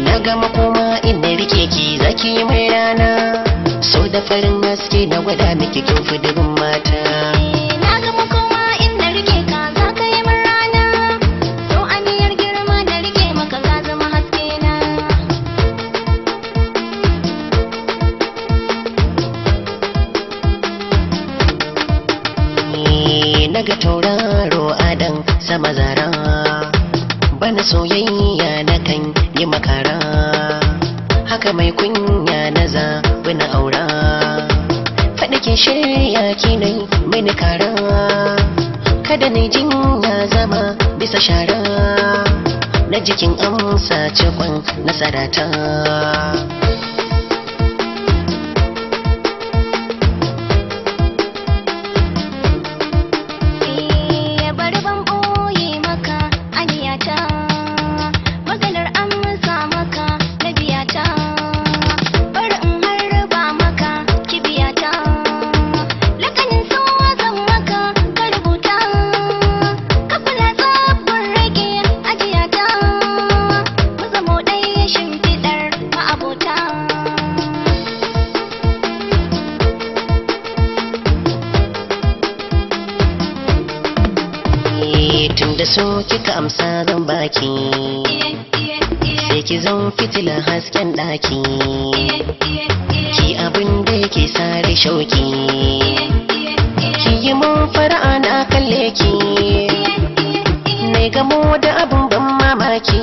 na gama kuma inda rike ki zaki mai rana so da farin haske na gwada miki kyau fi mata ga tauraro adan sama zara bana soyayya na kan yi makara haka mai kunya na za wani aura faɗakin shirya kinai mini kara kada jin jinya zama bisa shara na jikin amsa cikon nasarata da so kika amsa zan baki sai ki zan fitila hasken daki ki abin da yake sare shauki ki yi mun fara'a na kalle ki na gamo da abin ban mamaki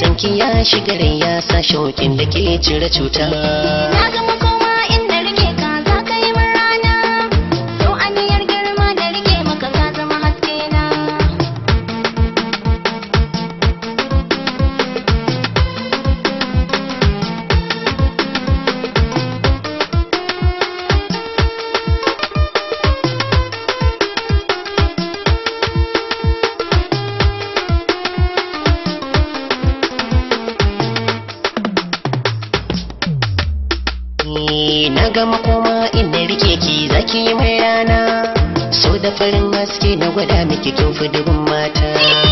sanki ya shiga ya sa shauƙin da ke cire cuta ni na ga koma inda rike ki zaki mai rana so da farin haske na gwada miki kin dubin mata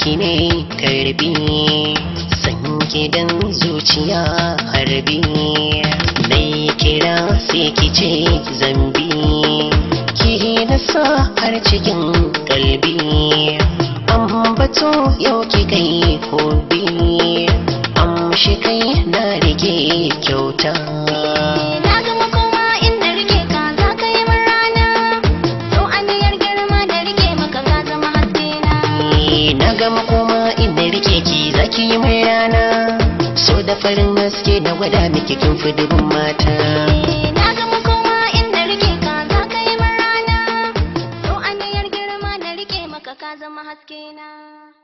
ki ne karbi san gidan zuciya harbi mai kira sai ki ce zambi ki nasa har cikin kalbi ambato yau ki kai hobi amshi kai na rike kyauta mai so da farin haske na gwada miki kin fi dubin mata eh, na ga makoma inda rike ka za ka yi rana to aniyar girma na rike maka ka zama haske na